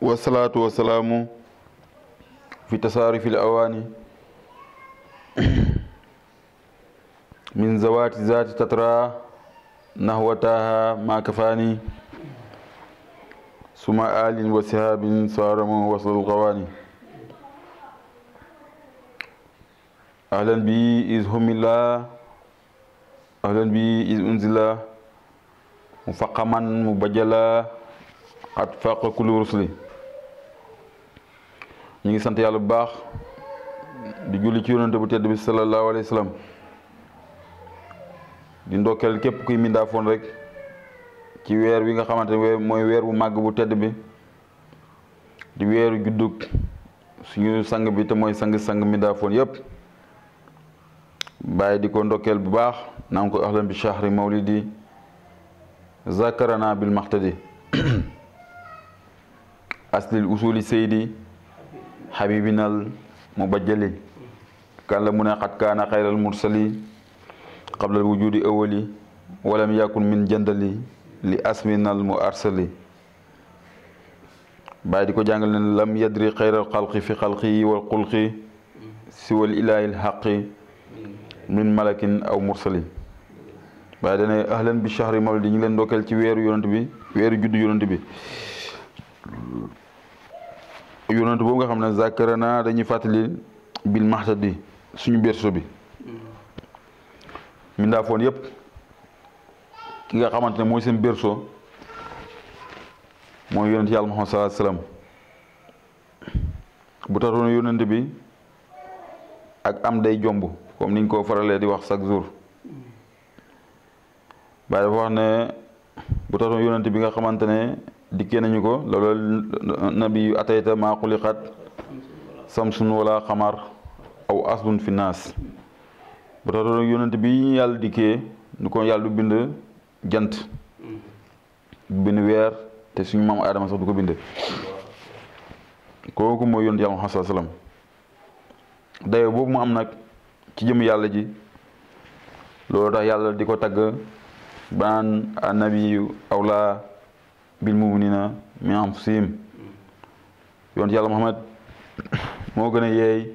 wasalaatu wasalaamu fi tasaarufil awaani min zawaati zaati tatra nahwataha ma kafaani suma alin wa sihaabin saaramu waslul qawaani ahlan bi is humillah ahlan bi is unzila mu faqaman mu bajala at faqa kulu rusli ñu ngi sant yàlla bu baax di julli ci yonante bu tedd bi sallallahu alayhi wa di ndokkeel képp kuy mindaafoon rek ci weer wi nga xamante ne mooy weer bu màgg bu tedd bi di weeru juddug suñu sang bi te mooy sang-sang mindaafoon yépp bàyyi di ko ndokkeel bu baax naan ko ahlan bi shahri mawlidi zakarana bil maxtadi asli usuli saydi xabibinal mubajjali kan la mu ne xat kaana xayral mursali qablal wujudi awali walam yakun min jëndali li asminal mu arsali bàyyi di ko jàngal ne lam yadri xayral xalqi fi wa wal si siwal ilaahil xaqi min malakin aw mursali waaye dane ahlan bi shahri mawlidi ñu ngi leen ndokkeel ci weeru yonent bi weeru juddu yonent bi yonent boobu nga xam ne zakarana dañuy fàttali bil maxtadi suñu berso bi mindaa foon yëpp ki nga xamante ne mooy seen berso mooy yonent yàlla Muhammad sallallahu alayhi wasallam bu taxoon yonent bi ak am day jomb comme niñ ko faralee di wax chaque jour waaye dafa wax ne bu taxoon yonent bi nga xamante ne dikkee nañu ko loolu nabi yu atayta maa xuliqat samsun wala xamar aw asbun fi naas tax yonent bi ñu yàlla nu ko yàlla du bind jant bind weer te suñ maam aadama sax du ko bind kooku mooy yonent yàlla Muhammad sallam dayo boobu mu am nag ci jëm yàlla ji loolu tax yàlla di ko tagg banaan annabiyu bil muminina min anfusihim yoon yàlla Muhammad moo gën a yeey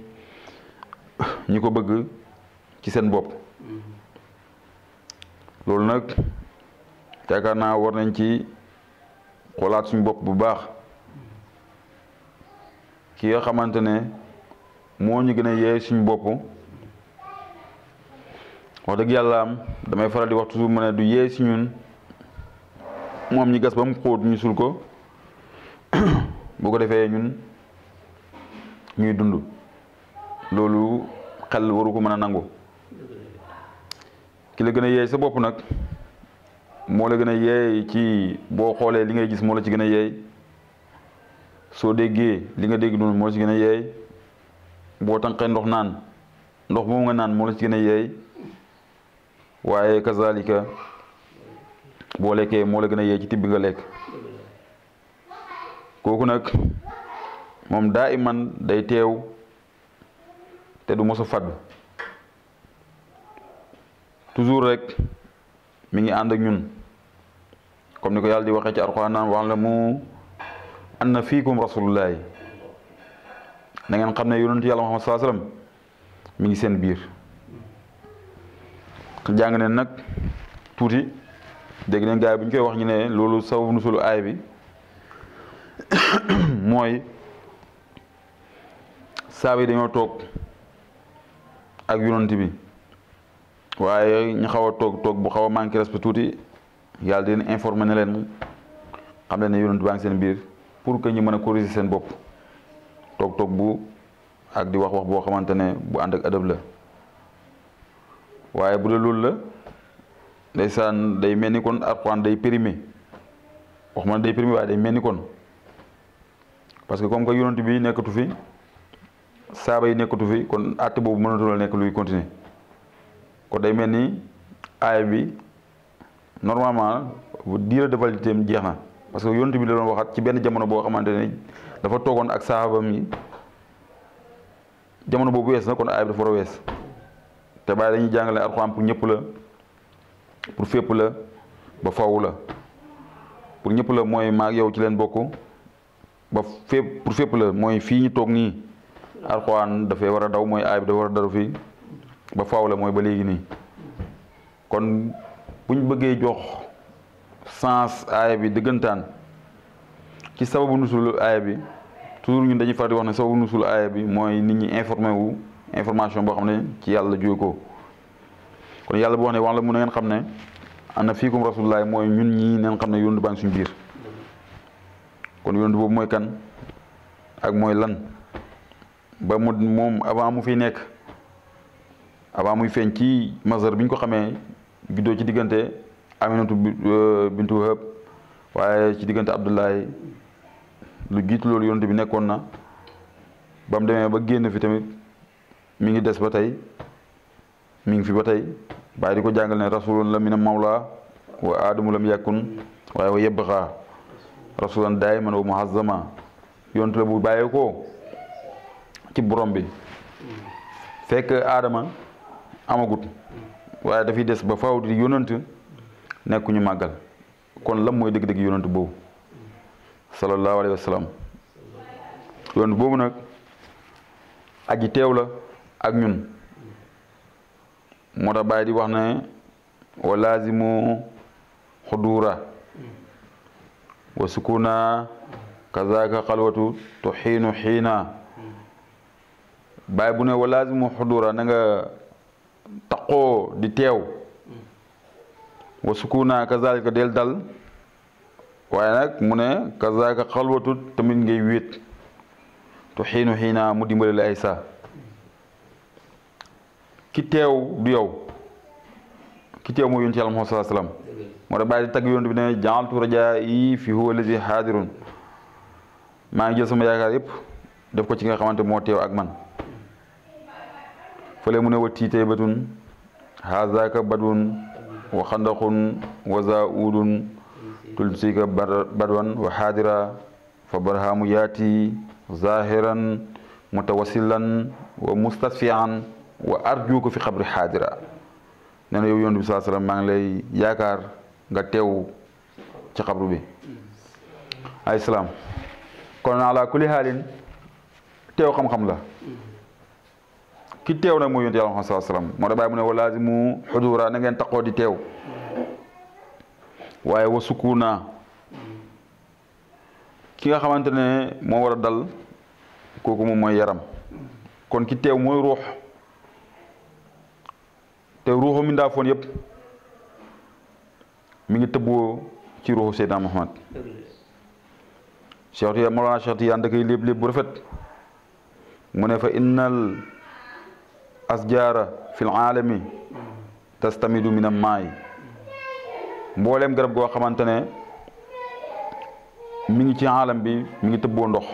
ñi ko bëgg ci seen bopp loolu nag yaakaar naa war nañ ci xoolaat suñu bopp bu baax ki nga xamante ne moo ñu gën a yeey suñu bopp wax dëgg yàlla am damay faral di wax toujours mu du yeey si ñun moom ñi gas ba mu xóot ñu sul ko boo ko defee ñun ñuy dund loolu xel waru ko mën a nangu ki la gën a yeey sa bopp nag moo la gën a yeey ci boo xoolee li ngay gis moo la ci gën a yeey soo déggee li nga dégg noonu moo ci gën a yeey boo tànqee ndox naan ndox moom nga naan moo la ci gën a yeey waaye kazalika boo lekkee moo la gën a yee ci tibb nga lekk kooku nag moom daa iman day teew te du mos a faddu toujours rek mi ngi ànd ñun comme ni ko yàlla di waxee ci alxuraan naan wax la mu anna fiikum rasulullahi nangeen xam ne yonentu yàlla Muhammad sallallahu alayhi wasallam mi ngi seen biir jàng ne nag tuuti dégg nañ gars yi bu ñu koy wax ñu ne loolu saw sababu nusulu aay bi mooy saaba yi dañoo toog ak yonent bi waaye ñu xaw a toog toog bu xaw a manqué respect tuuti yàlla dina informé na leen xam leen ne yonent baa ngi seen biir pour que ñu mën a corriger seen bopp toog toog bu ak di wax wax boo xamante ne bu ànd ak adab la waaye bu dee loolu la. day ndeysaan day mel ni kon Alxuraan day primé wax man day primé waaye day mel ni kon parce que comme que yonent bi nekkatu fi saaba yi nekkatu fi kon àtte boobu mënatu la nekk luy continuer kon day mel ni aaya bi normalement diire de validité jeex na parce que yonent bi da doon waxaat ci benn jamono boo xamante ne dafa toogoon ak saabam yi jamono boobu wees na kon aaya bi dafa war a wees te bàyyi dañuy jàngale Alxuraan pour ñëpp la. pour fépp la ba faw la pour ñëpp la mooy maag yow ci leen bokk ba fépp pour fépp la mooy fii ñu toog nii alxuraan dafay war a daw mooy aay bi dafa war a daw fii ba faw la mooy ba léegi nii kon bu ñu bëggee jox sens aay bi dëggantaan ci sababu nusul aay bi toujours ñun dañuy faral di wax ne sababu bi mooy nit ñi informé wu information boo xam ne ci yàlla jóge ko kon yàlla bu wax ne wax la mu na ngeen xam ne ana fiikum rasulullah mooy ñun ñii neen xam ne yónni baa ngi suñu biir kon yónni boobu mooy kan ak mooy lan ba mu moom avant mu fiy nekk avant muy feeñ ci masar bi ñu ko xamee juddoo ci diggante Aminatu euh, bintu Wahab waaye ci diggante Abdullahi lu jiitu loolu yonent bi nekkoon na ba demee ba génn fi tamit mi ngi des ba tey mi ngi fi ba tey bàyyi di ko jàngal ne rasulun la mina mawla wa aadamu lam yakun waaye wa yebxaa rasulan daayiman wa muhazzama yontu la bu bàyyi ko ci borom bi fekk aadama amagut waaye dafiy des ba faaw di yonant nekkuñu màggal kon lam mooy dëgg-dëgg yonant boobu sallallahu alayhi wa yonant boobu nag aji teew la ak ñun moo tax bàyyi di wax ne wa laazimu xudura wa sukuna kazaka xalwatu tuxiinu xiina bàyyi bu ne wa laazimu xudura na nga di teew wa sukuna kazalika del dal waaye nag mu ne kazaka xalwatu tamit ngay wéet xiinu xiina mu dimbale la ay saa ki teew du yow ki teew mooy yonent yàlla Muhammad sallallahu moo tax bàyyi di tagg yonent bi ne jaaltu rajaa yi fi huwa lazi haadirun maa ngi jël sama yaakaar yëpp def ko ci nga xamante moo teew ak man fële mu ne wa tiitee batun haazaka badun wa xandaqun wa zaudun tulsika badwan wa haadira fa barhamu yaati zahiran mutawasilan wa mustasfian wa arju ko fi xabri xaadira nee yow yonent bi sallallahu alayhi maa ngi lay yaakaar nga teew ci xabru bi ay salaam kon ala kulli xaalin teew xam-xam la ki teew nag mooy yonent yàlla Muhammad sallallahu alayhi wasallam moo da ne wa laazimu xudura na ngeen taqoo di teew waaye wa sukuna ki nga xamante ne moo war a dal kooku moom mooy yaram kon ki teew mooy ruux te ruuxu mindaafoon yëpp mi ngi tëbboo ci ruuxu Seydina Muhammad Cheikh Tidiane Mawlana léeb léeb bu rafet mu ne fa innal asjaara fil aalami tastamidu min ammaay mboolem garab goo xamante ne mi ngi ci alam bi mi ngi tëbboo ndox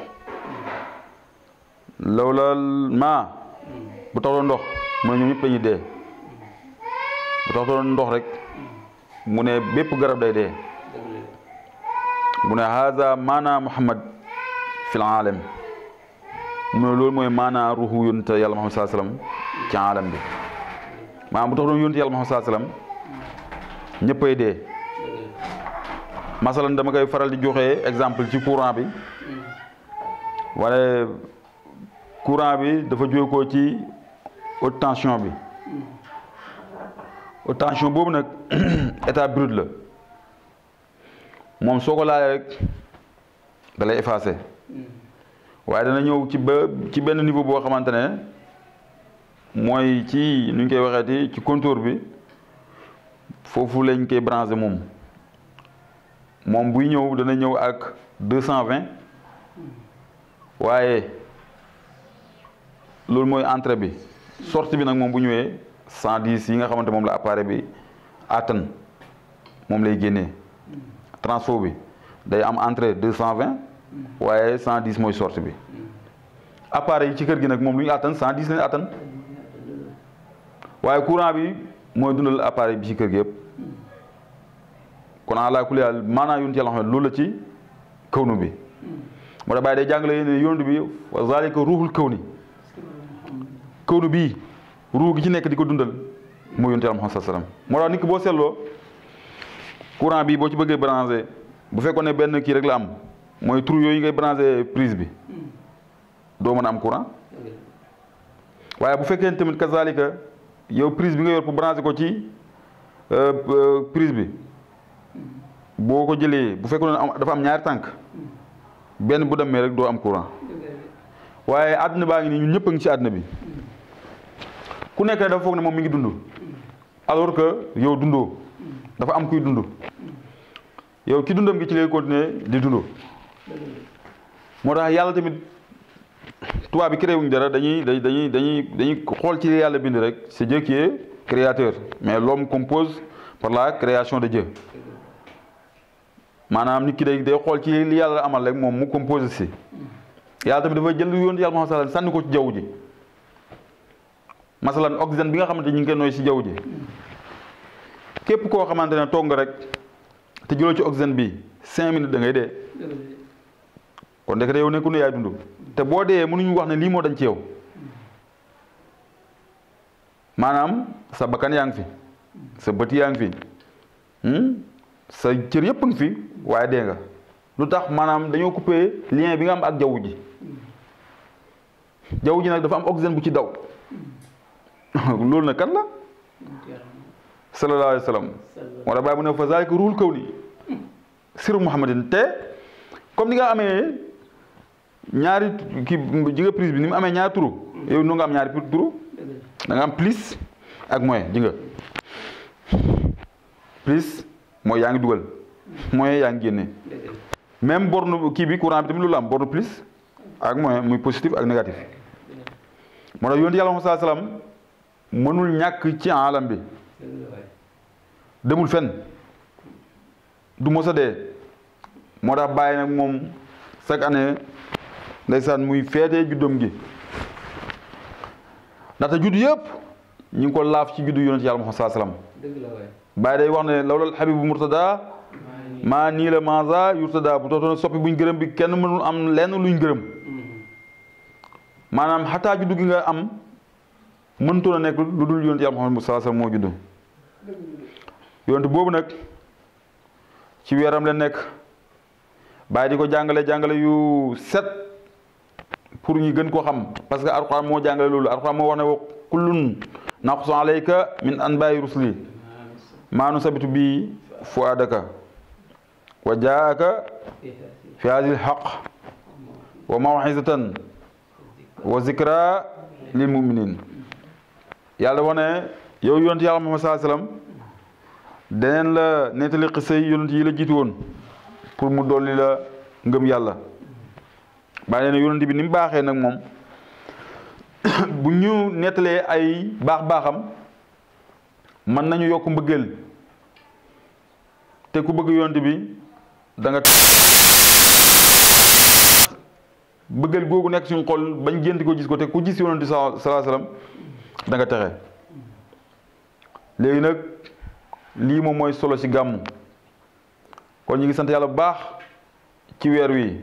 lawlal maa bu taxuloo ndox mu ne ñoom ñëpp dañuy dee tax doon ndox rek mu ne bépp garab day dee mu ne haza maana muhammad fil alam mu loolu mooy maana ruuxu yonent yàlla muhammad saa sallam ci alam bi maanaam bu tax doon yonent yàlla muhammad saa sallam ñëppay dee masalan dama koy faral di joxe exemple ci courant bi wala courant bi dafa jóge ko ci haute tension bi tension boobu nag état brut la moom soo ko laajee rek da lay effacé mm. waaye dana ñëw ci ba ci benn niveau boo xamante ne mooy ci nu ñu koy waxeeti ci contour bi foofu lañ koy branché moom moom buy ñëw dana ñëw ak deux cent vingt waaye loolu mooy entrée bi sortie bi nag moom bu ñëwee. 110 yi nga xamante moom la appareil bi attan moom lay génne transfo bi day am cent 220 waaye cent 110 mooy sortie bi appareil yi ci kër gi nag moom lu ñu attan 110 lañu attan waaye courant bi mooy dundal appareil bi ci kër gi yëpp kon alaa kulli haal maanaam yonent yàlla xam loolu la ci kawnu bi moo tax bàyyi day jàngale yéen yonent bi wa zalika ruuxul kawni kawnu bii ruu gi ci nekk di ko dundal mu yonte yàlla Muhammad sallam moo tax nit ki boo seetloo courant bi boo ci bëggee branché bu fekkoon ne benn kii rek la am mooy trou yooyu ngay branché prise bi doo mën a am courant waaye bu fekkee tamit kazalika yow prise bi nga yor pour branché ko ci euh, euh, prise bi boo ko jëlee bu fekkoon ne dafa am ñaari tànk benn bu demee rek doo am courant waaye àdduna baa ngi nii ñun ñëpp a ngi ci àdduna bi. ku nekk dafa foog ne moom mu ngi dund alors que yow dundoo dafa am kuy dund yow ki dundam gi ci lay continuer di dund moo tax yàlla tamit tubaab bi créé wuñ dara dañuy dañuy dañuy dañuy xool ci yàlla bind rek c'est Dieu qui est créateur mais l'homme compose par la création de Dieu maanaam nit ki day day xool ci li yàlla amal rek moom mu compose si yàlla tamit dafa jël yoon yàlla moo xam ko ci jaww ji masalan oxygène bi nga xamante ñu ngi koy nooy si jaww ji képp koo xamante ne toog rek te jëloo ci oxygène bi cinq minutes dangay ngay dee kon ndekete yow nekkul ne yaay dund te boo dee mënuñu wax ne lii moo dañ ci yow maanaam sa bakkan yaa ngi fi sa bët yaa ngi fi hmm? sa cër yëpp a ngi fi waaye dee nga lu tax maanaam dañoo coupé lien bi nga am ak jaww ji jaww ji nag dafa am oxygène bu ci daw loolu nag kan la sallallahu alayhi wa sallam moo mu ne fa zalika ruul kaw ni siru muhammadin te comme ni nga amee ñaari kii ji prise bi ni mu amee ñaari turu mm. yow nu nga am ñaari turu da nga am plus ak moyen ji nga mooy yaa ngi dugal mm. moyen yaa ngi génne même borne kii bi courant bi tamit loolu am borne plus ak moyen muy positif ak négatif moo tax yonent yàlla moom sallallahu alayhi wa mënul ñàkk ci alam bi demul fen du mos a dee moo tax bàyyi nag moom chaque année ndeysaan muy feetee juddam gi ndaxte judd yëpp ñu ko laaf ci juddu yonent yàlla Muhammad sallallahu alayhi wasallam bàyyi day wax ne lawlal habibu murtada maa nii la maza yurtada bu tootoon soppi buñ gërëm bi kenn mënul am lenn luñ gërëm mm-hmm. maanaam xataa juddu gi nga am mëntu na nekk lu dul yonent yàlla Muhammad sallallahu alayhi wasallam moo judd yonent boobu nag ci weeram la nekk bàyyi di ko jàngale jàngale yu set pour ñu gën ko xam parce que alxuraan moo jàngale loolu alxuraan moo wax ne wa kullun naqussu alayka min anbaa'i rusli maa nusabitu bi fu'aadaka wa jaa'aka fi haazihil haqq wa maw'izatan wa zikraa lil mu'miniin yàlla wane yow yonent yàlla Muhammad sallallahu alayhi wasallam deneen la nettali xisa yi yonent yi la jiitu woon pour mu dolli la ngëm yàlla bàyyi leen yonent bi ni baaxee nag moom bu ñu nettalee ay baax baaxam mën nañu yokk mbëggeel te ku bëgg yonent bi danga nga bëggeel googu nekk suñu xol bañ gént ko gis ko te ku gis yonent bi sallallahu danga nga texe léegi nag lii moom mooy solo ci gàmmu kon ñu ngi sant yàlla bu baax ci weer wi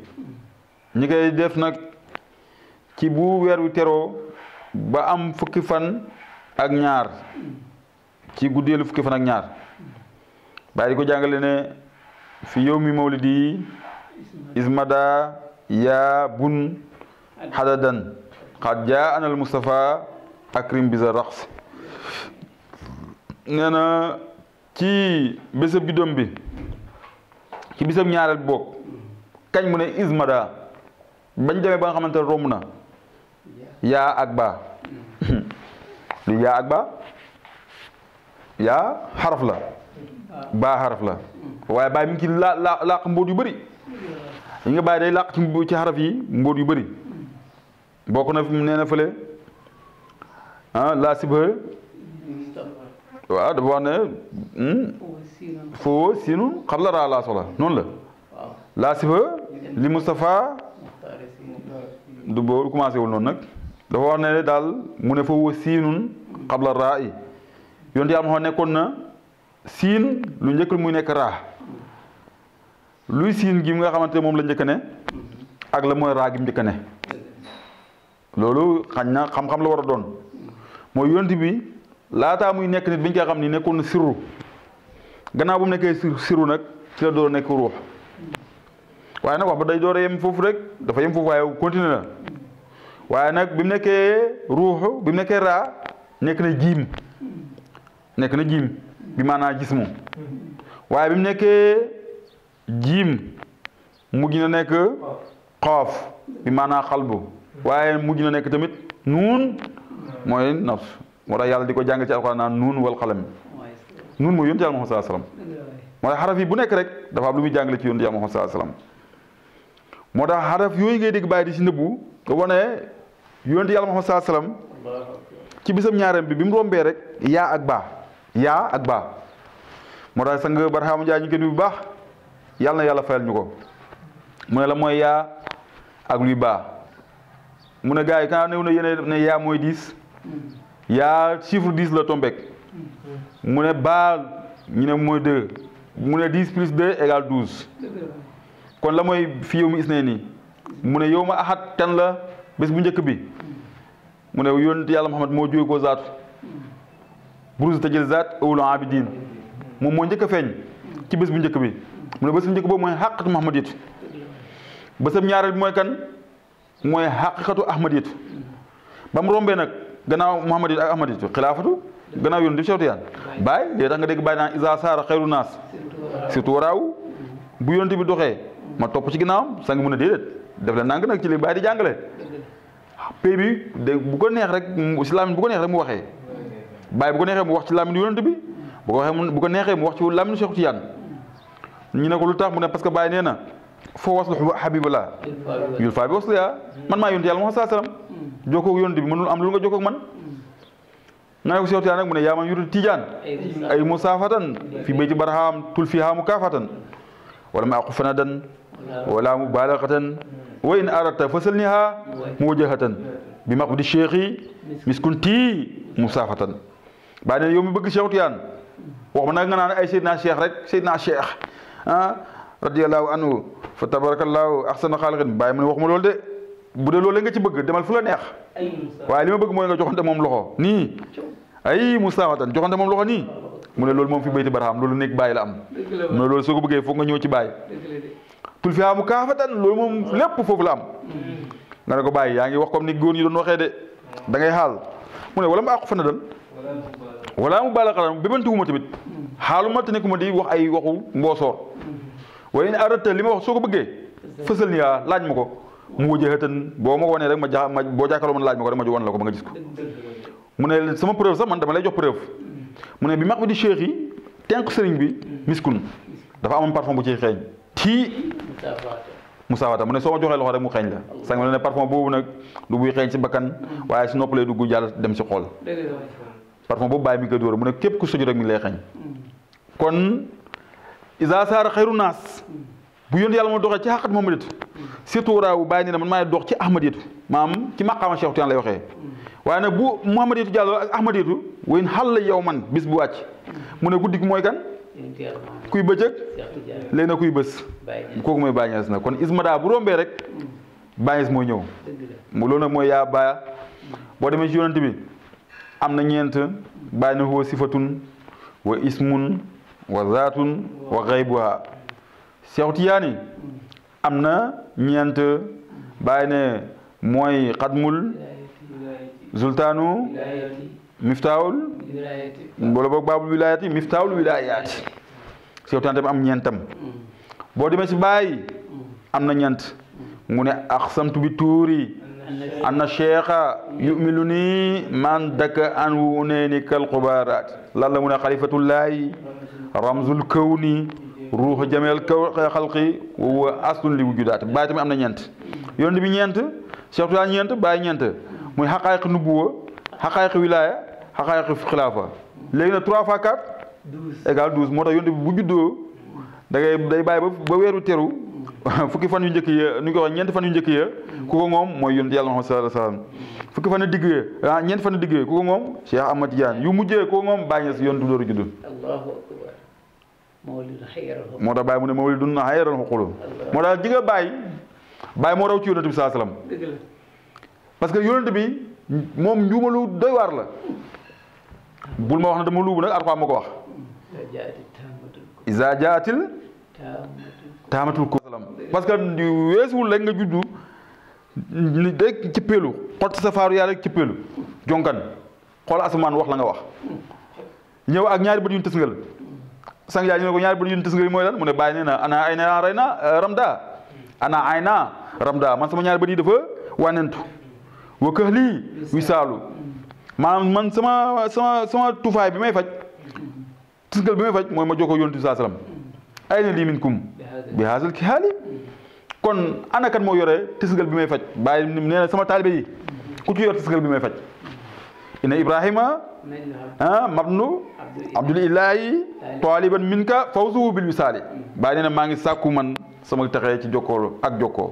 ñi koy def nag ci bu weer wi teroo ba am fukki fan ak ñaar ci guddeelu fukki fan ak ñaar bàyyi di jàngale ne fi yow mi mawlidi ismada yaa bun xadadan xad anal mustafa akrim bisa raxsi nee na ci bésab bidom bi ci bésab ñaareel boog kañ mu ne ismada bañ demee ba nga xamante ne romb na yaa ak ba li yaa ak ba yaa xaraf la baa xaraf la waaye baay mi ngi ci laa laa làq mbóot yu bari yi nga bàyyi day làq ci ci yi mbóot yu bari bokk na nee na ah laa sibha waaw dafa wax ne hmm? foo siinun xabla raa laa soxla noonu la laa sibha li Moustapha du boobu commencé wu noonu nag dafa wax ne daal mu ne foo siinun xabla raa yi yonent yàlla nekkoon na siin lu njëkk muy nekk raa luy siin gi nga xamante moom la njëkk ne ak la mooy raa gi njëkk ne loolu xañ na xam-xam la war a doon mooy yonent bi laata muy nekk nit bi ñu xam ni nekkoon na sirru gannaaw bu mu nekkee sirru nag ci la door a nekk ruux waaye nag ba day door a foofu rek dafa yem foofu waaye continué waaye nag bi mu nekkee ruux bi mu nekkee raa nekk na jiim nekk na jiim bi maanaam gis waaye bi mu nekkee jiim mujj na nekk xoof bi maanaam xalbu waaye mujj na nekk tamit nuun mooy nafs moo tax yàlla di ko jàng ci alxuraan naan nuun wal xalam nuun mooy yónni yàlla yi bu nekk rek dafa am jàngale ci yónni yàlla Muhammad sallallahu alayhi moo tax xaraf yooyu ngay dégg bàyyi di si nëbbu nga wane yónni yàlla Muhammad sallallahu alayhi wasallam ci bisam ñaareem bi bi mu rombee rek yaa ak baa yaa ak baa moo tax sang Barhaamu Njaay ñu gën bu baax yàlla na yàlla fayal ñu ko mu ne la mooy yaa ak luy baa mu ne gars yi kanaa néew na ne yaa mooy diis yaa chiffre dix la tombek mu ne baal ñu ne mooy deux mu ne dix plus deux égale douze kon la mooy fi yow mi is ne nii mu ne yow ma axat kan la bés bu njëkk bi mu ne yonent yàlla Muhammad moo jóge ko zaatu buruz tajil zaat awlu abidin moom moo njëkk feeñ ci bés bu njëkk bi mu ne bés bu njëkk boobu mooy xàqatu Muhammad it bésam ñaareel bi mooy kan mooy xàqatu Ahmad it ba mu rombee nag gannaaw Muhammad ak Ahmad yi xilaafatu gannaaw yoon di sewtu yaan baay léegi tax nga dégg baay naan isa saara xayru naas surtout waraaw bu yoon bi doxee ma topp ci ginnaawam sang mën a déedéet def la nang nag ci li baay di jàngale ah, pay bi de bu ko neex rek si laamin bu ko neex mu waxee baay bu ko neexee mu wax ci laamin yonent bi bu ko waxee bu ko neexee mu wax ci laamin Cheikh Tidiane ñu ne ko lu tax mu ne parce que baay nee na foo waslu habibullah yul faa bi waslu yaa man maa yonent yàlla Muhammad sallallahu alayhi wasallam mm. jokkoo bi mënul am lu nga jokkoo man mm. nga ne ko Cheikh Tidiane mu ne yaa man yuru Tidiane ay musaafatan fi bayti baraham tul fiha mukaafatan ma aqu fanadan wala mubalagatan mm. wa in arata fasalniha muwajahatan bi maqbudi cheikhi miskunti musaafatan baa ne yow mi bëgg Cheikh Tidiane wax ma nag nga naan ay Seydina Cheikh rek Seydina Cheikh radiyallahu anhu fa tabarakallahu ahsana xaaliqin bàyyi mu ne waxuma loolu de bu dee loolu nga ci bëgg demal fu la neex waaye li ma bëgg mooy nga joxante moom loxo nii ay musaawatan joxante moom loxo nii mu ne lool moom fi bayti baraham loolu nekk bàyyi la am mu ne loolu soo ko bëggee foog nga ñëw ci bàyyi tul fi amu kaafatan loolu moom lépp foofu la am mm. nga ne ko bàyyi yaa ngi wax comme ni góor ñi doon waxee de da ngay xaal mu ne wala mu àqu fana dan wala mu baala xalaat bi bantuwuma tamit mm. xaaluma te nekkuma di wax ay waxu mboosoor waaye ne arata li ma wax soo ko bëggee fësal ni yaa laaj ma ko mu wajee tan boo ma ko wanee rek ma ja ma boo jàkkaarloo man laaj ma ko rek ma wan la ko ba nga gis ko mu ne sama preuve sax man dama lay jox mu ne bi max mi di cheikh tenq tenk sëriñ bi miskun dafa amoon parfum bu ci xeeñ tii musaawaata mu ne soo ma joxee loxo rek mu xeeñ la sang ma ne parfum boobu nag du buy xeeñ si bakkan waaye si nopp lay dugg jàll dem si xool parfum boobu bàyyi mi koy dóor mu ne képp ku sojur rek mi ngi lay xeeñ kon isa saara xayru naas bu yónni yàlla moo doxee ci xaqat Muhammad dox ci Ahmad it maam ci maqaama Cheikh Tidiane lay waxee waaye nag bu Muhammad yow man bis bu wàcc mu ne guddi mooy kan kuy na kuy bës kooku mooy Baay na kon ismada bu rombee rek Baay Ñas mooy ñëw mu loolu nag mooy yaa baa boo demee ci bi am na ñeent bàyyi na huwa sifatun wa ismun wa zaatun wa xaybuha Seex am na ñeent bàyyi ne mooy xadmul sultaanu miftaawul wala boog baabul wilaayati miftaawul wilaayaati Seex Tijaani am ñeentam boo demee si bàyyi am na ñent mu ne axsamtu bi tuuri anna cheikha yumilu nii man daka an wu nee ni kal xubaaraat lan la mu ne xalifatullaahi ramzul kawni ruuxu jameel kaw xalqi wa huwa aslun li wujudaat bàyyi tamit am na ñeent yonent bi ñeent Cheikh Tidiane ñeent bàyyi ñeent muy xaqaayiq nubuwa xaqaayiq wilaaya xaqaayiq xilaafa léegi na trois fois quatre égal douze moo tax yonent bi bu juddoo da day bàyyi ba ba weeru teru fukki fan yu njëkk ya nu ñu ñeent fan yu njëkk ya ku ko moom mooy yonent yàlla Muhammad sallallahu alayhi wa sallam fukki fan a digg yooyu ah ñeent fan a digg yooyu ku ko moom Cheikh Ahmad Tidiane yu mujjee ku ko moom bàyyi yoon du dooru judd moo tax bàyyi mu ne mawlidun xayran xuqulu moo tax jigéen bàyyi bàyyi moo raw ci yonent bi saa salaam parce que yonent bi moom njuumalu doy waar la bul ma wax na dama luubu nag Alxuraan ma ko wax isa jaatil taamatul ko salaam parce que nga juddu li day cippeelu xott sa faaru yaa rek cippeelu jonkan xool asamaan wax la nga wax ñëw ak ñaari bët yu ñu tës sang yaa ñu ne ko ñaari bët yu ñu tës ngal mooy lan mu ne bàyyi nee na ana ay na rey na euh, ramda ana ay na ramda man sama ñaari bët yi dafa wànnentu wa wisaalu maanaam man sama sama sama tuufaay bi may faj tës bi may faj mooy ma jokkoo yontu bi saa ay na lii min kum bi haasal ki haali kon ana kan moo yore tisgal bi may faj bàyyi nee na sama taalibe yi ku ci yor tisgal bi may faj ina ibrahima ah mabnu abdul ilahi taaliban minka fawzuhu bil wisaali bàyyi nee na maa ngi sàkku man sama taxee ci jokkoolu ak jokkoo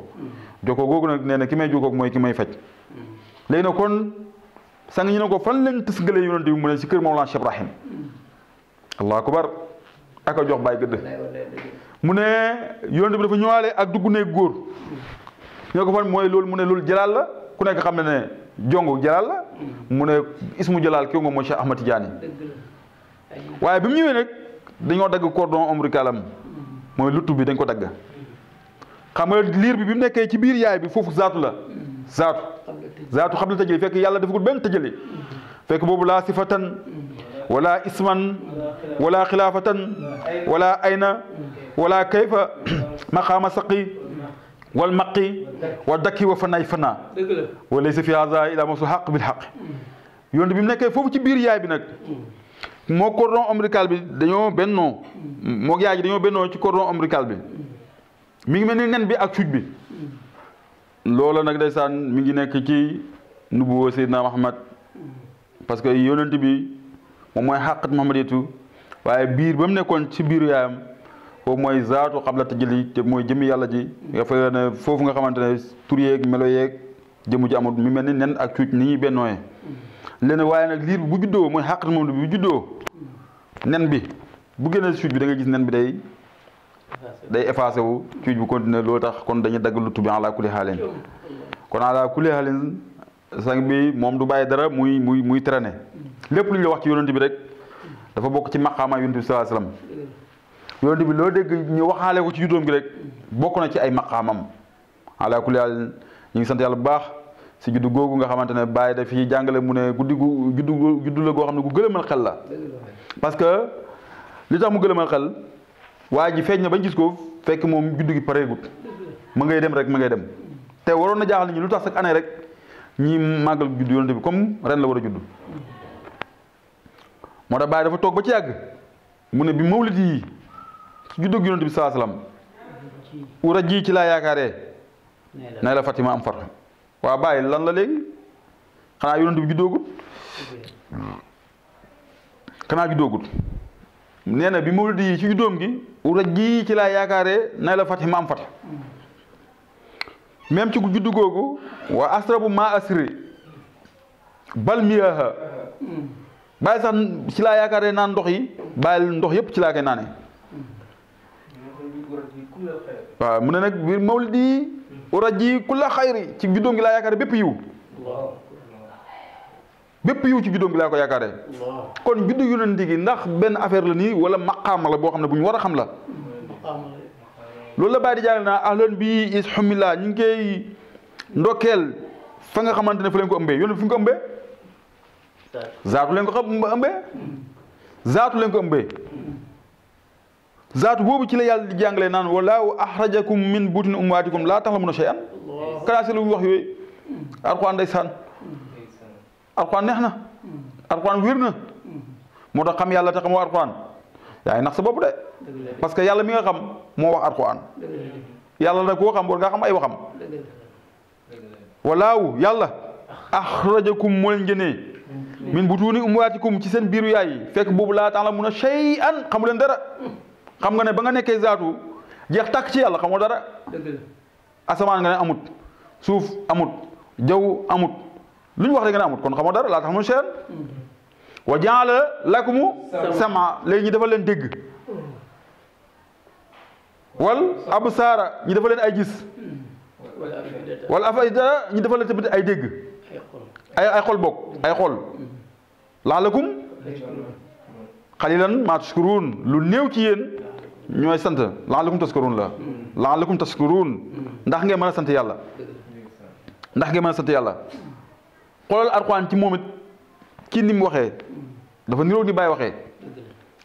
jokkoo googu nag nee ki may jokkoog mooy ki may faj léegi nag kon sang ñu ne ko fan lañ tisgalee yonent bi mu ne si kër Mawlana Cheikh Ibrahim allahu akbar aka jox bàyyi gëdd mu ne yonent bi dafa ñëwaale ak dugg néeg góor ñoo ko fan mooy lool mu ne lool jalaal la ku nekk xam ne ne jongo jalaal la mu ne ismu jalaal kii nga mooy Cheikh Ahmad Tidiane waaye bi mu ñëwee nag dañoo dagg cordon ombilicalam mooy lutt bi dañ ko dagg xam nga liir bi bi mu nekkee ci biir yaay bi foofu zaatu la zaatu zaatu xam la tëjëli fekk yàlla dafa ko benn tëjëli fekk boobu laa sifatan wala isman wala xilaafatan wala ayna wala kayfa maqaama saqi wal maqi wa dakki wa fanaay fanaa walaysa fi hada ila mosu xaq bil xaq yoon bi mu nekkee foofu ci biir yaay bi nag moo cordon ombilical bi dañoo bennoo moo yaay dañoo bennoo ci cordon ombilical bi mi ngi mel ni bi ak suuj bi loola nag ndeysaan mi ngi nekk ci nubuwa Seydina Muhammad parce que yonent bi moom mooy xàqat mahamadiyatu waaye biir ba mu nekkoon ci biiru yaayam foofu mooy zaatu xabla tajali te mooy jëmmi yàlla ji nga fa foofu nga xamante ne tur yeeg melo yeeg jëmu ji amul mi mel ni nen ak cuuc ni ñuy bennooyee leen waaye nag liir bu juddoo mooy xàqat moom bi bu juddoo nen bi bu génnee cuuc bi da gis nen bi day day effacé wu cuuc bu continuer loolu tax kon dañuy dagg lu tubi ala kulli xaalin kon ala kulli xaalin sang bi moom du bàyyi dara muy muy muy traîner lépp lu ñu wax ci yonent bi rek dafa bokk ci maqaama yonent bi sallallahu alayhi bi loo dégg ñu waxaale ko ci juddoom gi rek bokk na ci ay maqaamam ala kulli ñu ngi sant yàlla bu baax si juddu googu nga xamante ne bàyyi daf fi jàngale mu ne guddi gu juddu la goo xam ne gu gëlëmal xel la parce que li tax mu gëlëmal xel waa ji feeñ na bañ gis ko fekk moom juddu gi pareegut ma ngay dem rek ma ngay dem te waroon na jaaxal lu tax sax rek ñii màggal judd yonent bi comme ren la war a judd moo tax Baay dafa toog ba ci àgg mu ne bi mawlit yi ci juddug yonent bi saa salaam ura ji ci laa yaakaaree ne la am far waa bàyyi lan la léegi xanaa yonent bi juddoogut xanaa juddoogut nee na bi mawlit yi ci juddoom gi ura ji ci laa yaakaaree ne la Fatima am fat même ci juddu googu wa asrabu maa asri bal miyaha bàyyi sax ci laa yaakaaree naan ndox yi bàyyi ndox yëpp ci laa koy naane waaw mu ne nag biir mawlidi uraji kulla xayri ci juddoom gi laa yaakaare bépp yiw bépp yiw ci juddoom gi laa ko yaakaaree kon juddu yonent gi ndax benn affaire la nii wala maqaama la boo xam ne buñ war a xam la loolu la bàyyi di jàng naa ahlan bi is xumila ñu ngi koy ndokkeel fa nga xamante ne fa leen ko ëmbee yoon fi nga ko zaatu leen ko xam zaatu boobu ci la yàlla di jàngalee naan walaaw axrajakum min butuni ummaatikum laa taxlamuna shay'an kanaa si lu wax yooyu alxuraan ndeysaan alxuraan neex na alxuraan wér na moo tax xam yàlla te xamoo alxuraan yaa ngi nax sa bopp de parce que yàlla mi nga xam moo wax alquran yàlla na koo xam war nga xam ay waxam walaaw yàlla axrajakum moo leen génnee min butuuni umwaatikum ci seen biiru yaay fekk boobu laa ta'lamuuna an xamu leen dara xam nga ne ba nga nekkee zaatu jeex tàkk ci yàlla xamoo dara asamaan nga ne amut suuf amut jaww amut lu ñu wax rek nga ne amut kon xamoo dara laa ta'lamuuna shay'an wa ja'ala lakumu sam'a léegi ñu dafa leen dégg wal absaara ñu dafa leen ay gis wal afida ñu dafa leen tamit ay dégg ay ay xol bokk ay xol laalakum xalilan maa tashkuruun lu néew ci yéen ñooy sant laalakum tashkuruun la laalakum tashkuruun ndax ngeen mën a sant yàlla ndax ngeen mën a sant yàlla xoolal Alxuraan ci moom it ci ni mu waxee dafa niroog ni Baye waxee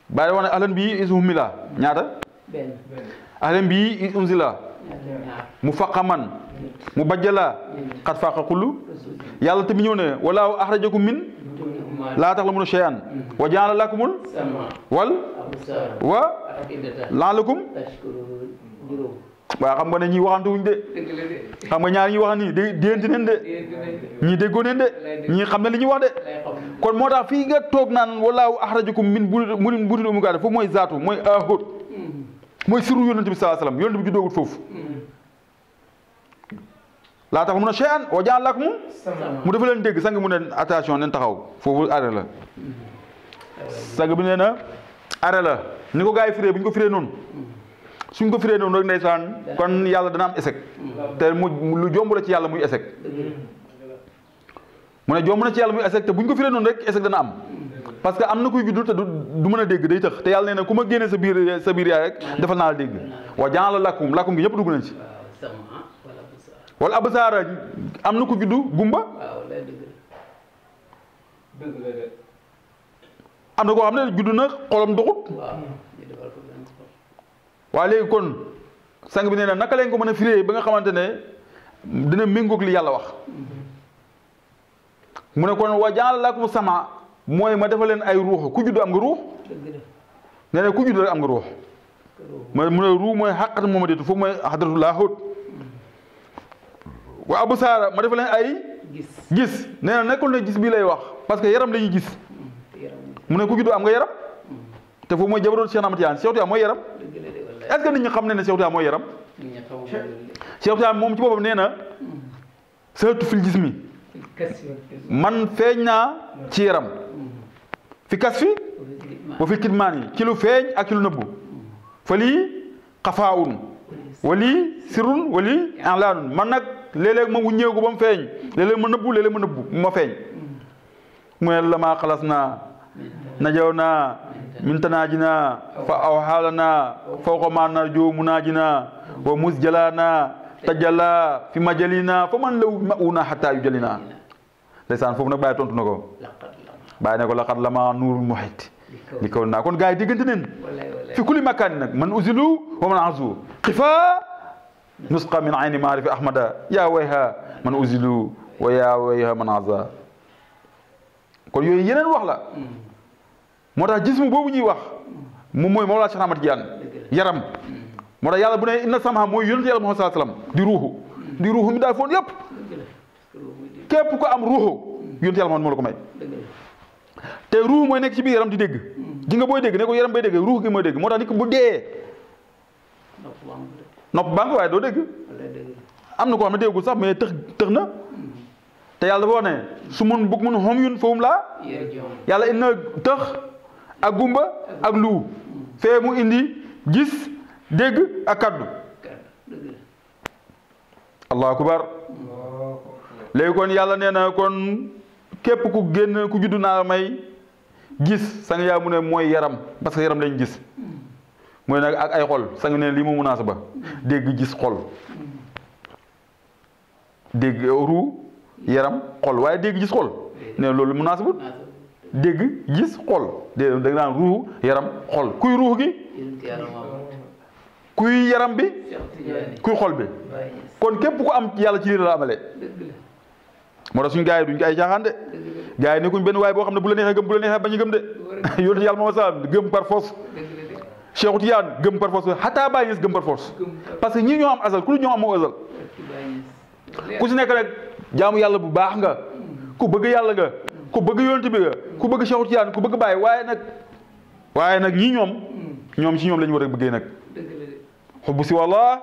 Baye wax ne ahlan bi ismuhum la ñaata ahlan bi unzila mu faqaman mu bajjala xat faqa kullu yàlla tamit ñëw ne walaaw axrajakum min laa taxlamuuna shay'an wa jaala lakumul wal wa laalakum waaw xam nga ne ñi waxantu wuñ de xam nga ñaar ñi waxan nii dé déenti neen de ñii déggoo neen de ñii xam ne li ñuy wax de kon moo tax fii nga toog naan walaaw axrajakum min burin burin umu kaa de foofu mooy zaatu mooy ahut mooy siru yonente bi saa salaam yonente bi ju doogul foofu laa tax mun a cheyan wa jaan lak mu mu dafa leen dégg sang mu ne attention nen taxaw foofu arrêt la bu bi nee na arrêt la ni ko gars yi firee bu ñu ko firee noonu suñ ko firee noonu rek ndeysaan kon yàlla dana am échec te mu lu jomb la ci yàlla muy échec mu ne jomb na ci yàlla muy échec te bu ñu ko firee noonu rek échec dana am parce que am na kuy juddu te du du mën a dégg day tëx te yàlla nee na ku ma génne sa biir sa biir yaay rek defal naa la dégg wa jaala lakum lakum gi ñëpp dugg nañ ci. wala na ku juddu am na koo xam ne juddu na xolam doxut. léegi kon sang bi nee naka lañ ko mën a firee ba nga xamante ne dina méngoog li yàlla wax mu ne kon wa jaala lakum sama mooy ma defal leen ay ruux ku judd am nga ruux nga ne ku judd am nga ruux ma mu ne ruux mooy xàqat mooma déetu foofu mooy xadratu laahut wa abu saara ma defal leen ay gis nee na nekkul ne gis bii lay wax parce que yaram la gis mu ne ku judd am nga yaram te foofu mooy jabaroon Cheikh Amadou Tidiane Cheikh Tidiane mooy yaram est-ce xam ne ne Cheikh Tidiane yaram Cheikh moom ci boppam nee na mm. sëtu fil gis mi man feeñ naa ci yaram fi kas fi wa fi kitmaan yi ci feeñ ak ci nëbbu fa lii xafaawun wali sirun wali alaanun man nag léeg ma wuññeeku ba mu feeñ léeg ma nëbbu léeg ma nëbbu ma feeñ mu ne la maa xalas naa fa aw xaala naa fawqamaa naa joo munaa wa mus jalaa tajalla fi majalina fa man law mauna xataa yu jalina ndeysaan foofu nag bàyyi tontu na ko bàyyi ne ko laqad lama nuurul muhit li kaw naa kon gars yi diggante fi kulli makaani nag man uzilu wa man azu xifa nusqa min ayni maarifi ahmada yaa wayha man uzilu wa yaa wayha man aza kon yooyu yeneen wax la mm. moo tax gis mu boobu ñuy wax moom mooy Mawlaa Cheikh Ahmad Tijaan yaram moo tax yàlla bu ne inna sama mooy yonent yàlla Muhammad sallam di ruuxu di ruuxu mi daal foon yëpp képp ko am ruuxu yonent yàlla moo la ko may te ruuxu mooy nekk ci biir yaram di dégg ji nga booy dégg ne ko yaram bay dégg ruuxu gi mooy dégg moo tax nit ki bu dee nopp baa nga waaye doo dégg am na ko xam ne déggul sax mais tëx tëx na te yàlla dafa wax ne su mun bug mun xom yun foofu laa yàlla indi tëx ak gumba ak lu fee mu indi gis dégg ak kaddu allahu akbar léegi kon yàlla nee na kon képp ku génn ku juddu naa may gis sang yaa mu ne mooy yaram parce que yaram lañ gis mooy nag ak ay xol sang ne lii mu munaas ba dégg gis xol dégg ru yaram xol waaye dégg gis xol ne loolu munaas dégg gis xol dé da nga yaram xol kuy ruux gi kuy yaram bi kuy xol bi kon képp ku am yàlla ci lii la amale moo tax suñu gars yi duñ ko ay caaxaan de gars nekkuñ benn waaye boo xam ne bu la neexee gëm bu la neexee bañ gëm de yonent yàlla moom salaam gëm par force Cheikh Tidiane gëm par force xataa Baye Niass gëm par parce que ñii ñoom am asal ku lu ñoo am moo asal ku si nekk rek jaamu yàlla bu baax nga ku bëgg yàlla nga ku bëgg yonent bi nga ku bëgg Cheikh Tidiane ku bëgg Baye waaye nag waaye nag ñii ñoom ñoom ci ñoom la war bëggee nag xubbu si walla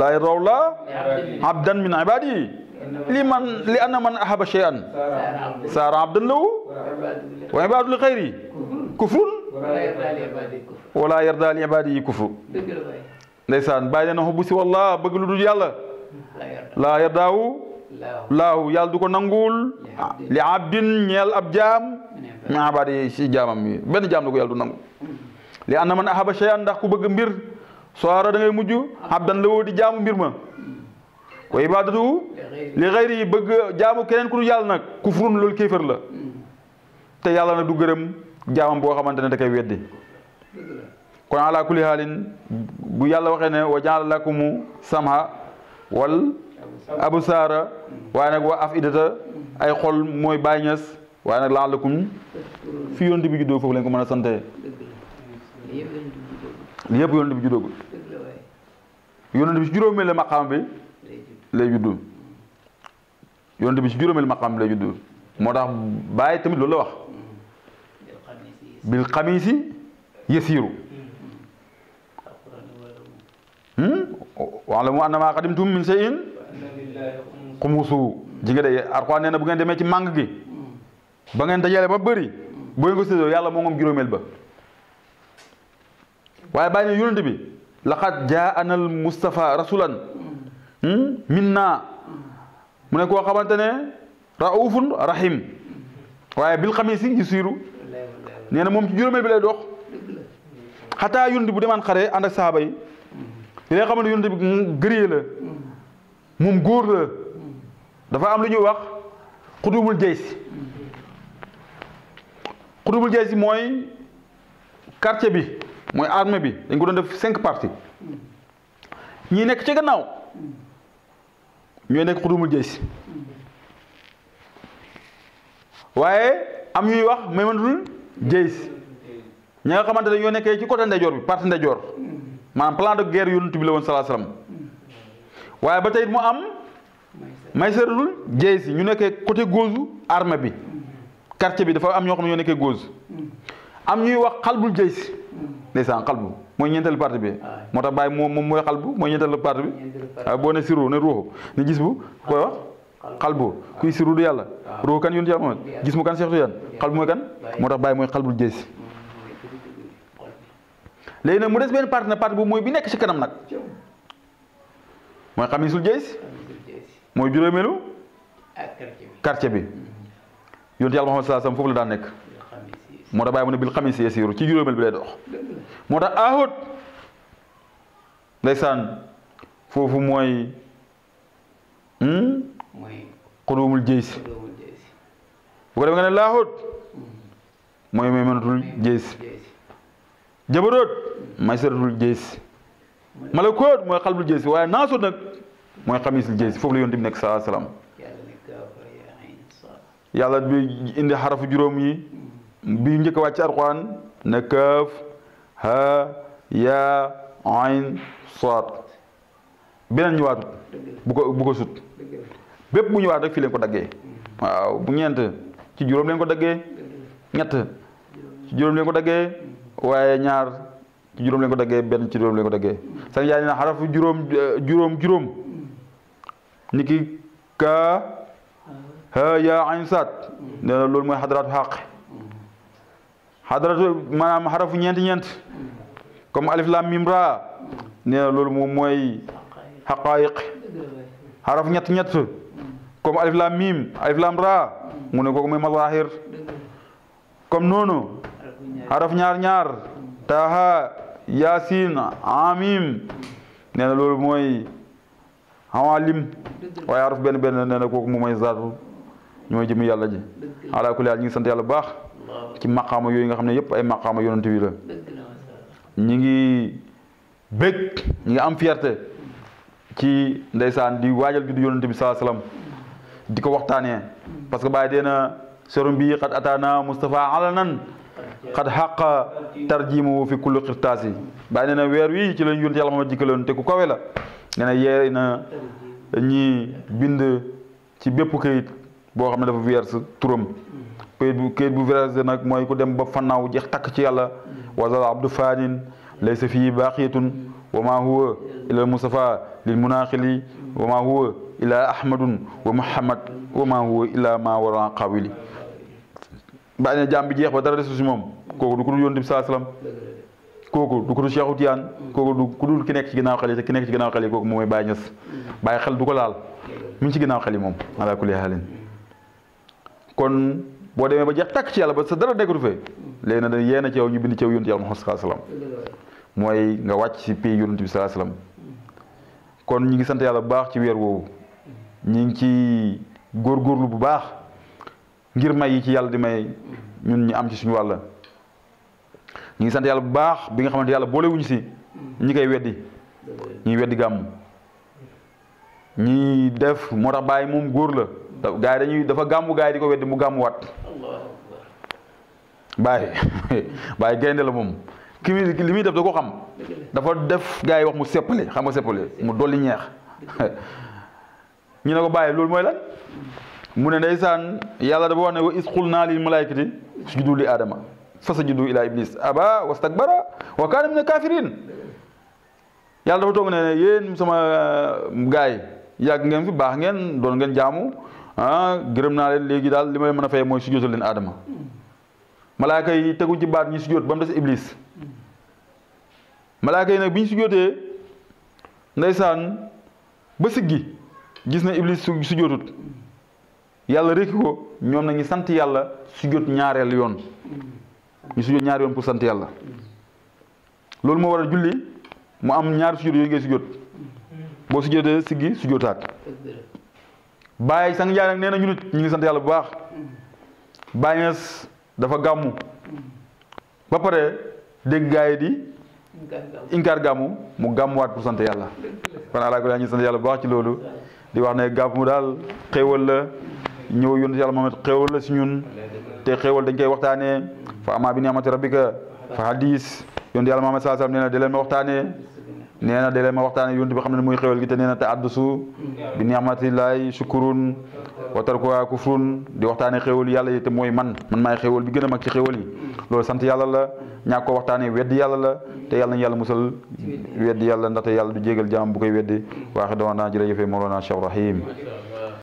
laa yaraw la abdan min ibadi li man li anna man ahaba cheyan saara abdan law wa ibadu li xayri kufrun wala yarda li ibadi yi kufru ndeysaan bàyyi na xubbu si walla bëgg lu dul yàlla laa yardaawu laahu yàlla du ko nangul li abdin ñeel ab jaam min ibadi si jaamam yi benn jaam la ko yàlla du nangu li anna man ahaba cheyan ndax ku bëgg mbir soxara da ngay mujj abdan la woo di jaamu mbir ma wa ibadatu li xëyri bëgg jaamu keneen ku yàlla nag kufrun loolu kéefër la te yàlla na du gërëm jaamam boo xamante ne da koy weddi kon ala kulli haalin bu yàlla waxee ne wa jaala lakumu samha wal absaara waaye nag wa afidata ay xol mooy bàyyi ñes waaye nag laalakum fi yoon bi juddoo foofu lañ ko mën a sante li yëpp yonent bi yonent bi ci juróomeelu maqaam bi lay juddu yonent bi ci juróomeelu maqaam bi juddu moo tax bàyyi tamit loolu la wax bil xamiisi yasiiru hmm? wa'lamu annamaa qadimtum min shay'in xumusu ji nga de Alxuraan nee na bu ngeen demee ci màng gi ba ngeen dajale ba bëri boo ngeen ko séddoo yàlla moo moom juróomeel ba waaye bàyyi ne laqad jaana al Mustafa rasulan hmm? minna mu ne koo xamante ne raufun rahim waaye bil xamisi ji siiru nee moom ci juróomeel bi lay dox xataa yund bu demaan xare ànd ak saaba yi di lay xamante yund bi gëree la moom góor la dafa am lu ñuy wax xudumul jaysi xudumul jaysi mooy quartier bi mooy armée bi dañ ko doon def cinq parties ñii nekk ci gannaaw ñooy nekk xudumul jeesi waaye am ñuy wax maymanul jeesi ñi nga xamante ne ñoo nekkee ci côté ndajoor bi partie ndajoor maanaam plan de guerre yonent bi la woon salaa salaam waaye ba tey mu am maysarul jeesi ñu nekkee côté gauche armée bi quartier bi dafa am ñoo xam ne ñoo nekkee gauche am ñuy wax xalbul jëy si ndeysaan xalbu mooy ñeenteelu parti bi moo tax bàyyi moom moom mooy xalbu mooy ñeenteelu parti bi waaye boo ne siru ne ruuxu ne gis bu koy wax xalbu kuy siru du yàlla ruuxu kan yonent yàlla moom gis mu yan xalbu mooy kan moo tax bàyyi mooy xalbul jëy si léegi nag mu na parti boobu mooy bi nekk ci kanam nag mooy xamisul mooy juróomeelu quartier bi mm-hmm. yonent yàlla Muhammad foofu la daan nekk moo tax bàyyi mu ne bil xamis yasiru ci juróomeel bi lay dox moo tax ahut ndeysaan foofu mooy xudumul jëysi bu ko defee nga ne laahut mooy may mënatul jabaroot hmm. may saratul jëysi malakoot mooy xalbul jëysi waaye naasoot nag mooy xamisul jëysi foofu la yoon nekk saa salaam yàlla bi indi xarafu juróom yi hmm. bi njëkk a wàcc alquran ne kaaf ha yaa ayn saad beneen ñëwaatut bu ko bu ko sut bépp bu ñëwaat rek fii leen ko daggee waaw bu ñeent ci juróom leen ko dagge ñett ci juróom leen ko daggee waaye ñaar ci juróom leen ko daggee benn ci juróom leen ko daggee sax yaa na xarafu juróom juróom juróom niki ka ha yaa ayn saad nee loolu mooy xadaraatu xaq xadaratu maanaam xarafu ñeenti ñeent comme alif lam mim loolu moom mooy xaqaayiq xaraf ñett ñett comme alif mim alif lam mu ne kooku mooy mazahir comme noonu xaraf ñaar ñaar taha yasin amim nee loolu mooy xawalim waaye xaraf benn benn nee kooku mooy zaatu ñooy jëm yàlla ji ala kulli haal ñu ngi sant yàlla bu baax ci maqaama yooyu nga xam ne yëpp ay maqaama yonent bi la ñi ngi bëgg ñi ngi am fierté ci ndeysaan di waajal juddu yonent salaam di ko waxtaanee parce que bàyyi dee na serum bi xat ataana Moustapha alanan xat xàq tarjimu fi kulli xirtaasi bàyyi nee na weer wi ci lañ yonent yàlla Muhammad jikkaloon te ku kawe nee na yeeri na ñi bind ci bépp këyit boo xam ne dafa weer sa turam këyit bu këyit bu nag mooy ku dem ba fannaaw jeex takk ci yàlla wasal abdu fanin laysa fii baqiyatun wa ma huwa ila mustafa lil munaqili wa ma huwa ila ahmadun wa muhammad wa ma huwa ila ma wara qawili ba ne jàmm bi jeex ba dara desu moom kooku du ko dul yonent bi salaam kooku du ko dul Cheikh Tiyaan kooku du ku dul ki nekk ci ginnaaw xel yi te ki nekk ci ginnaaw xel yi kooku moom mooy Baay Ñas Baay xel du ko laal mu ngi ci ginnaaw xel moom ala kulli haalin kon boo demee ba jeex tàkk ci yàlla ba sa dara nekkul fee léegi nag dañuy yéene ci ñu bind ci yow yonent yàlla Muhammad mooy nga wàcc ci pays yonent bi sallallahu alayhi wasallam kon ñu ngi sant yàlla bu baax ci weer woowu ñu ngi ci góorlu bu baax ngir may ci yàlla di may ñun ñu am ci suñu wàll ñu ngi sant yàlla bu baax bi nga xamante yàlla boolewuñu si ñi koy weddi ñuy weddi gàmm ñi def moo tax bàyyi moom góor la. gaa yi dañuy dafa gàmmu gaa yi di ko weddi mu gàmmuwaat bàyyi bàyyi gaynde la moom ki muy li muy def da ko xam dafa def gaa wax mu seppale xam nga seppale mu dolli ñeex ñu ne ko bàyyi loolu mooy la mu ne ndeysaan yàlla dafa wax ne wa is qul naa lil malaykati sujudu li aadama fa sajudu ila iblis aba wastakbara wa kaana mina kafirin yàlla dafa toog ne yéen sama gaay yàgg ngeen fi baax ngeen doon ngeen jaamu ah gërëm naa leen léegi daal li may mën a fay mooy sujjóotal leen aadama malaaka yi tegu ci baat ñi sujjóot ba mu des iblis malaaka yi nag bi ñu sujjóotee ndeysaan ba siggi gis na iblis su sujjóotut yàlla rekki ko ñoom nañu sant yàlla sujjóot ñaareel yoon ñu sujjóot ñaari yoon pour sant yàlla loolu moo war a julli mu am ñaari sujjóot yooyu ngay sujjóot boo sujjóotee siggi sujjóotaat Baye sang Ndiaye nag nee na ñu nit ngi sant yàlla bu baax Baye Niass dafa gàmmu ba pare dégg gaa yi di inkaar gàmmu mu gàmmuwaat pour sant yàlla kon alaa kulli ñu sant yàlla bu baax ci loolu di wax ne gàmmu daal xéewal la ñëw yónni yàlla Muhammad xéewal la si ñun te xéewal dañ koy waxtaanee fa amaa bi ni'mati rabbika fa hadis yónni yàlla Muhammad sallallahu alayhi wa sallam nee na di leen waxtaanee nee na da leen ma waxtaane yonent bi xam ne mooy xewel gi te nee na te addusu bi ni'matillahi shukurun wa tarkuha kufrun di waxtaane xewel yàlla yi te mooy man man maay xewel bi gën a mag ci xewel yi loolu sant yàlla la ñaag koo waxtaane weddi yàlla la te yàlla nañu yàlla musal weddi yàlla ndaxte yàlla du jégal jaam bu koy weddi waaxe dama naa jërëjëfe Mawlana Cheikh Rahim